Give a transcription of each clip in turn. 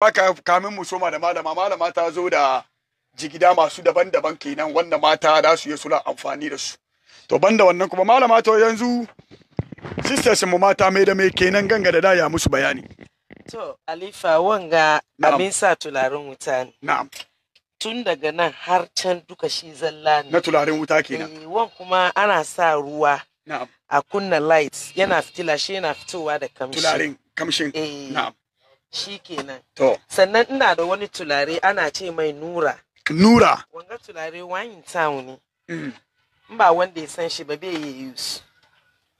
haka kamin mu soma da malama malama ta zo da jigida masu daban-daban kenan wanda mata za su yi suna amfani da su to banda wannan kuma malama to yanzu sisters mu mata mai da mai kenan ganga da daya musu bayani to alifa wanga abin sa tularin wuta ne na'am tun daga nan har can duka shi zalla ne na tularin wuta kenan eh, wan kuma ana sa ruwa na'am a kunna lights yana fitila shi yana fitowa da kamshi tularin kamshin eh. na'am shi kenan to sannan ina da wani tulare ana ce mai nura nura wanga tulare wine town ne Mm. ba wanda ya san shi ba bai yi use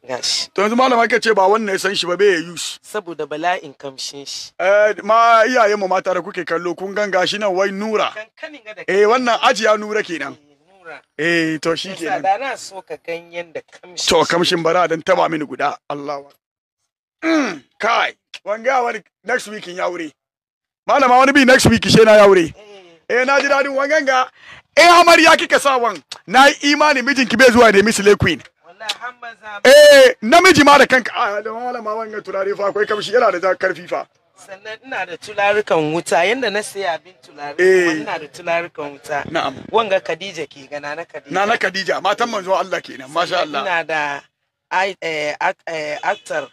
gashi to yanzu malama ka ce ba wanda ya san shi ba bai yi use saboda bala'in kamshin shi eh ma iyayen mu mata da kuke kallo kun ganga shi nan wai nura eh wannan ajiya nura kenan Eh, eh to shi kenan. Da na so ka ganyen da kamshin. To kamshin bara dan taba mini guda. Allah kai wanga wani next week ya wuri malama wani bi next week she na ya wuri eh na ji dadin wangan ga eh amarya kika sa wan na yi imani mijinki bai zuwa da miss queen eh namiji ma da kanka a ah, da malama wangan turare fa akwai kamshi yana da karfi fa sannan ina da tularukan wuta yanda na saya abin tulare eh. ina da tularukan wuta na'am wanga Khadija ke gana na Khadija na na Khadija matan manzo Allah kenan masha Allah ina da eh, eh, actor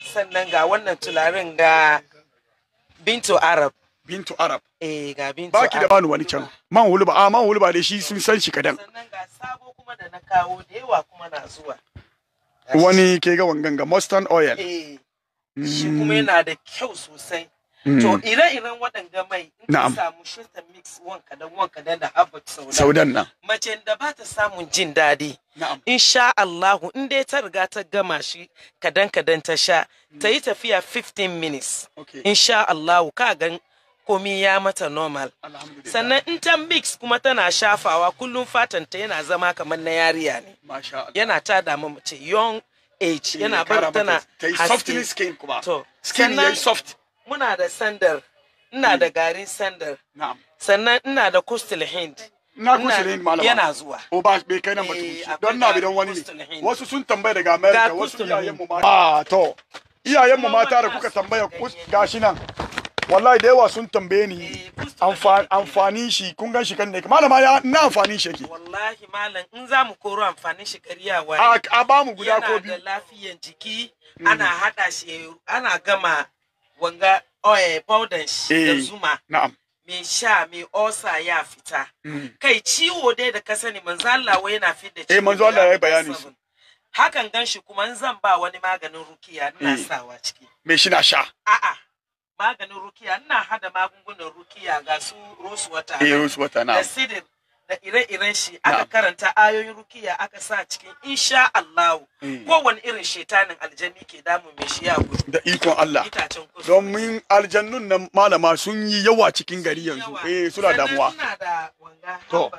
sannan ga wannan tularin ga bintu arab bintu arab eh ga bintu baki da bani wani can man wulba a ah, man wulba dai shi sun san shi kadan sannan ga sabo kuma da na kawo da yawa kuma na zuwa wani ke ga wangan ga Mustang oil eh mm. shi kuma yana da kyau sosai To mm-hmm. ire-iren waɗanda mai in ka samu shirta mix wanka da wanka da da Abbott saudan nan. Mace da ba ta samun jin daɗi. Insha Allahu in dai ta riga ta gama shi kadan kadan ta sha mm. ta yi tafiya 15 minutes. Insha Allahu ka gan komi ya mata normal. Sannan in ta mix kuma tana shafawa kullum fatan ta yana zama kamar na yariya ne. Yana ta damu mace young age eh, yana bar tana haske. Ta yi softly skin kuma. Skin ya soft. muna da sandar ina da hmm. garin sandar sannan ina da kustul hind Ina kustul hind malama yana zuwa o oh, ba bai kai nan mutum eh, don na bidan wani ne wasu sun tambaya daga america wasu iyayen mu mata ah, to iyayen mu mata da kuka tambaya gashi nan wallahi da yawa sun tambaye ni eh, amfanin shi kun gan shi kan ne malama ya na amfanin shi yake wallahi malam in za mu koro amfanin shi ƙarya a ba mu guda ko biyu yana da lafiyan jiki hmm. ana hada shi ana gama wanga oil powder eh, da zuma na'am me sha me osa ya fita mm. kai ciwo dai da ka sani manzo Allah wai yana fitar eh, da ciwo eh manzo Allah ya bayani shi hakan gan shi kuma in zan ba wani maganin rukiya ina mm. sawa ciki me shi na sha a'a maganin rukiya ina hada magungunan rukiya ga su rose water eh rose water na da da ire-iren shi aka karanta ayoyin rukiya aka sa cikin insha Allah hmm. kowane irin shetanin aljanni ke damun mai shi ya gudu da ikon Allah domin aljannun nan malama sun yi yawa cikin gari yanzu eh suna damuwa to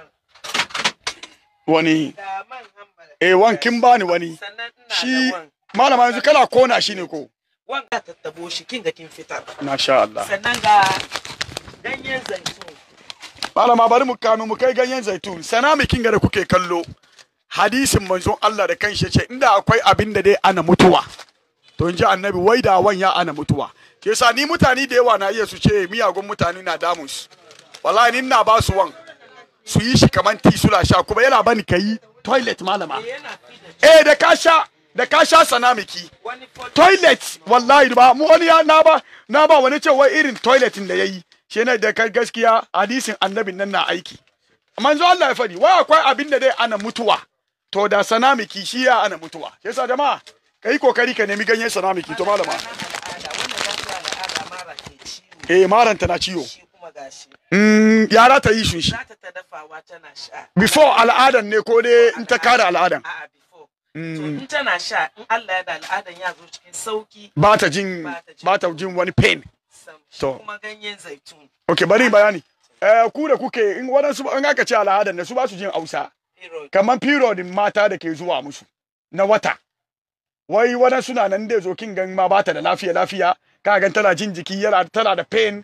wani eh wankin bani wani shi malama yanzu kana kona shi ne ko wanga tattabo shi kin ga kin fitar masha Allah sannan ga ganyen zaitun malama bari mu kame mu kai ganyen zaitun sana mu kinga da kuke kallo hadisin manzon Allah da kanshi ce inda akwai abin da dai ana mutuwa to in ji annabi wai da wan ya ana mutuwa ke sa ni mutane da yawa na iya su ce miyagun mutane na damun su wallahi ni na ba su wan su yi shi kaman ti sula sha kuma yana bani kai toilet malama eh da ka sha da ka sha sanamiki toilet wallahi ba mu wani ya na ba na ba wani ce wai irin toiletin da yayi kenan da kai gaskiya hadisin annabin nan na aiki manzo Allah ya fadi wai akwai abin da dai ana mutuwa to da shi ya ana mutuwa yasa jama'a kai kokari ka nemi ganyen sanamiki to malama eh maranta na ciwo Mm, yara ta yi shi shi. Before al'adan ne ko dai in ta kare al'adan. in tana sha in Allah ya da al'adan ya zo cikin sauki. Ba ta jin ba ta jin wani pain. to okay bari bayani eh ku da kuke in wadansu an aka ce al'adar ne su ba su jin Hausa kamar period mata da ke zuwa musu na wata wai wadansu na nan da zo kin gan ma bata da lafiya lafiya ka gan tana jin jiki yana tana da pain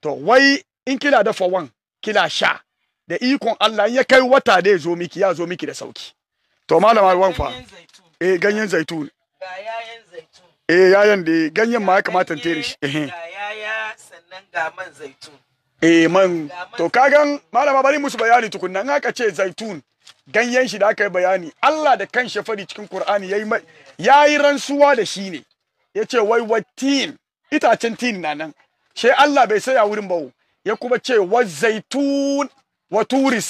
to wai in kila da one kila sha da ikon Allah ya kai wata da ya zo miki ya zo miki da sauki to malama ruwan fa eh ganyen zaitun ga yayan zaitun eh yayan da ganyen ma ya kamata tantere shi eh sannan ga man zaitun eh man to kagan malama bari musu bayani tukunna in aka ce zaitun ganyen shi da aka yi bayani Allah da kan fari cikin Qur'ani yayi yayi rantsuwa da shi ne yace wai watin itacen tin na nan sai Allah bai saya wurin bawo ya kuma ce wa zaitun wa turi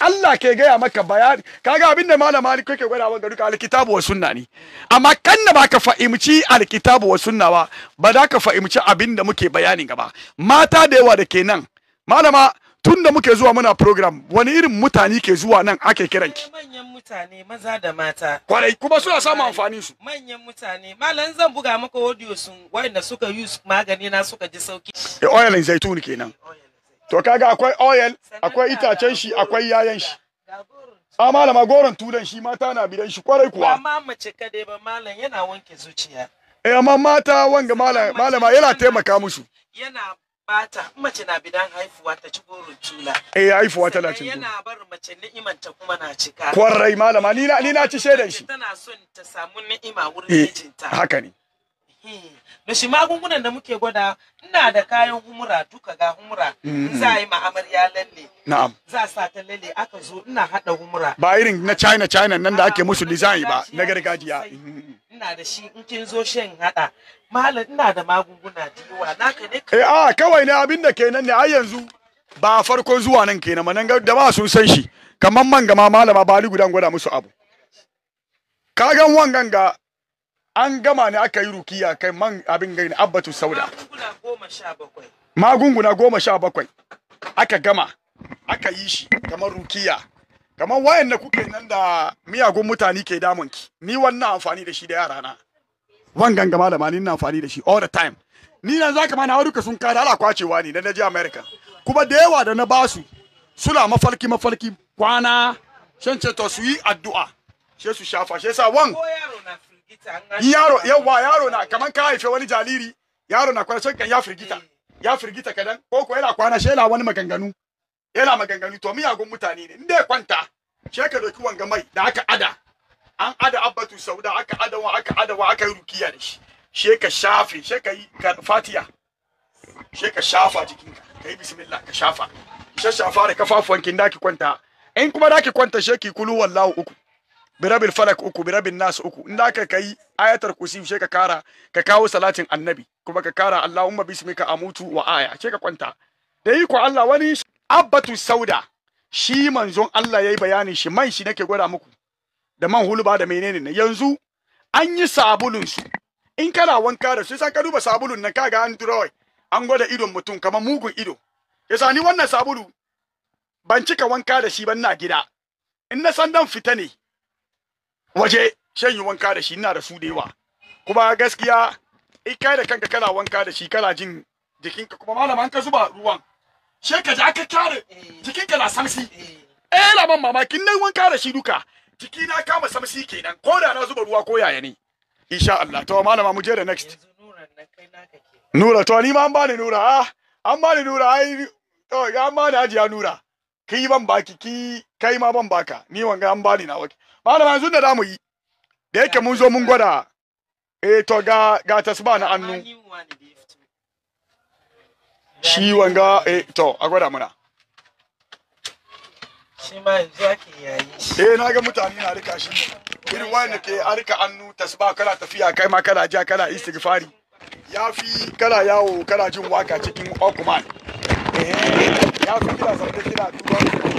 Allah ke gaya maka bayani kaga abin da malam Malik kake gwada wa duka alkitabu wa sunna ne amma kan da baka fahimci alkitabu wa sunna ba ba da ka fahimci abin da muke bayani gaba mata da yawa da ke nan malama tun da muke zuwa muna program wani irin mutane ke zuwa nan ake kiran ki manyan mutane maza da mata kwarai kuma suna samun amfani su manyan mutane malam zan buga maka audio sun wayanda suka use magani na suka ji sauki e oil zaitun kenan to kaga akwai oil akwai itacen shi akwai yayan shi ah, a malama goron tudan shi mata na bidan shi kwarai kuwa amma mace kadai ba malam yana wanke zuciya eh amma mata wanga malam malama yana taimaka musu yana bata mace na bidan haifuwa ta ci goron tula eh haifuwa ta na ci. yana bar mace ni'iman ta kuma na cika kwarai malama ni na ni na ci shedan shi tana son ta samu ni'ima wurin eh, mijinta haka ne da shi magungunan da muke gwada ina da kayan humura duka ga humura mm-hmm. za a yi ya lalle na'am za sa ta lalle aka zo ina hada humura ba irin na china china nan da ake musu design ba na gargajiya mm-hmm. ina da shi in kin zo shan hada malam ina da magunguna da yawa naka ne kai eh, a ah, kawai ne abin da kenan ne ai yanzu ba farko zuwa nan kenan ma nan da ba sun san shi kamar man gama malama ba gudan gwada musu abu kagan wangan ga an gama ne aka yi rukiya kai man abin gani abbatu sauda magunguna goma sha bakwai aka gama aka yi shi kamar rukiya kamar wayan na kuke nan da miyagun mutane ke damun ki ni wannan amfani da shi da yara na Wan gangama da mani na amfani da shi all the time ni nan zaka na haruka sun kada ala kwacewa ne da naji america kuma da yawa da na basu suna mafarki mafarki kwana shan ce to su yi addu'a she su shafa she sa wan yaro yawa yaro na kaman ka haife wani jaliri. yaro na kwana kan ya firgita eh. ya firgita kadan ko ko yana kwana shi yana wani maganganu yana maganganu to miyagun mutane ne inda ya kwanta she ka doki wanga mai da aka ada an ada abbatu sauda aka ada wa aka ada wa aka yi rukiya da shi she ka shafe she ka yi fatiya she ka shafa jikinka ka yi bismillah ka shafa she shafa da kafafuwan kin da ki kwanta in kuma da ki kwanta she ki kulu wallahu uku birabin falak uku birabin nas uku in ka kai ayatar kusi she ka kara ka kawo salatin annabi kuma ka kara allahumma bismika amutu wa aya she ka kwanta da yi ku Allah wani abbatu sauda shi manzon Allah yayi bayanin shi man shi nake gwada muku da man huluba da menene ne yanzu an yi sabulun su in kana wanka da su sai ka duba sabulun nan kaga an an gwada idon mutum kamar mugun ido yasa ni wannan sabulu ban cika wanka da shi ban na gida in na san dan fita ne waje shan yi wanka da shi ina da su da yawa kuma gaskiya in kai da kanka kana wanka da shi kana jin jikinka kuma malama ka zuba ruwan she ka ji aka kare eh. jikinka na samsi eh, eh laban mamaki nan wanka da shi duka jiki na kama samsi kenan ko da na zuba ruwa ko yaya ne insha Allah to malama mu je da next nura to ni ma an bani nura ah, an bani nura ai to ga an bani ajiya nura kai ban baki ki kai ma ban baka ni wanga an bani na wake malama yanzu da mu yi da yake mun zo mun gwada eh to ga ga tasba na annu shi wanga eh to a gwada muna shi ma yanzu ake yayi eh na ga mutane na rika shi irin wanda ke arka annu tasba kana tafiya kai ma kana ja kana istighfari ya fi kana yawo kana jin waka cikin okuman eh ya fi kira zaune kira duba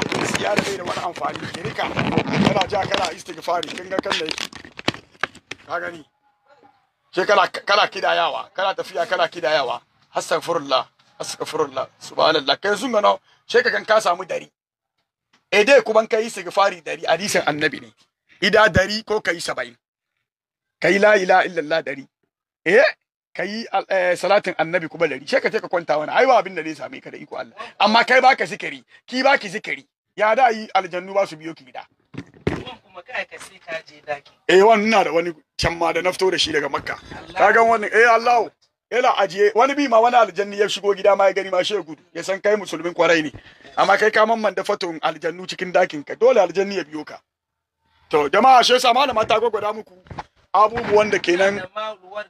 ya da bai da wani amfani ki rika kana ja kana istighfari kin ga kan yake ka gani ke kana kana kidayawa kana tafiya kana kidayawa astaghfirullah astaghfirullah subhanallah kai sun gano she ka kan ka samu dari e dai kuma kai istighfari dari hadisin annabi ne ida dari ko kai saba'in kai la ilaha illallah dari e, eh ka salatin annabi kuma dari sai ka je ka kwanta wani ai abin da zai same ka da iko Allah amma kai baka zikiri ki baki zikiri ya da yi aljannu ba su biyo ki gida kuma kai eh wannan da wani can ma da nafto da shi daga makka ka ga wannan eh Allah, ila ajiye wani bi ma wani aljanni ya shigo gida ma ya gani ma shi ya gudu ya san kai musulmin kwarai ne amma kai ka mamman da fatun aljannu cikin dakin ka dole aljanni ya biyo ka to jama'a shi yasa malama ta gwagwada muku abubuwan da kenan kuma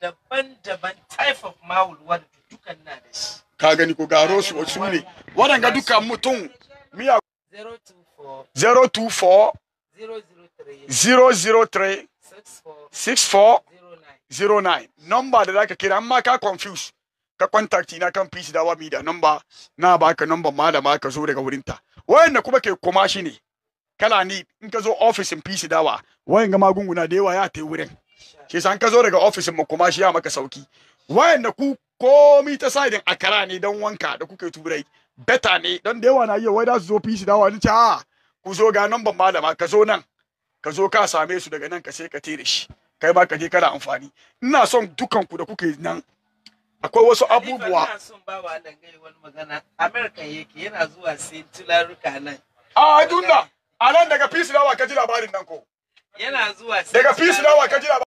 daban-daban type of mawulwar dukan na da shi ka gani ko garo su wasu ne waɗanga duka mutum miya 024 003 6409 number da zaka kira amma ka confuse ka contact ina kan PC da wami da number na baka number malama ka zo daga wurinta wayanda kuma ke koma shi ne kala ni in ka zo office in PC dawa ga magunguna da yawa ya tai wurin shi san ka zo daga office mu kuma shi ya maka sauki wayanda ku komi ta side a kara ne dan wanka da kuke turai beta ne dan da yawa na iya wai da su zo fi da wani ni ah, ku zo ga nan ban malama ka zo nan ka zo ka same su daga nan ka sai ka tere shi kai ma ka je kana amfani ina son dukan ku da kuke nan akwai wasu abubuwa ina son ba wa dan gai wani magana America yake yana zuwa sai tularuka nan a dunna a nan daga fi da wa ka ji labarin nan ko yana zuwa daga fi da wa ka ji labarin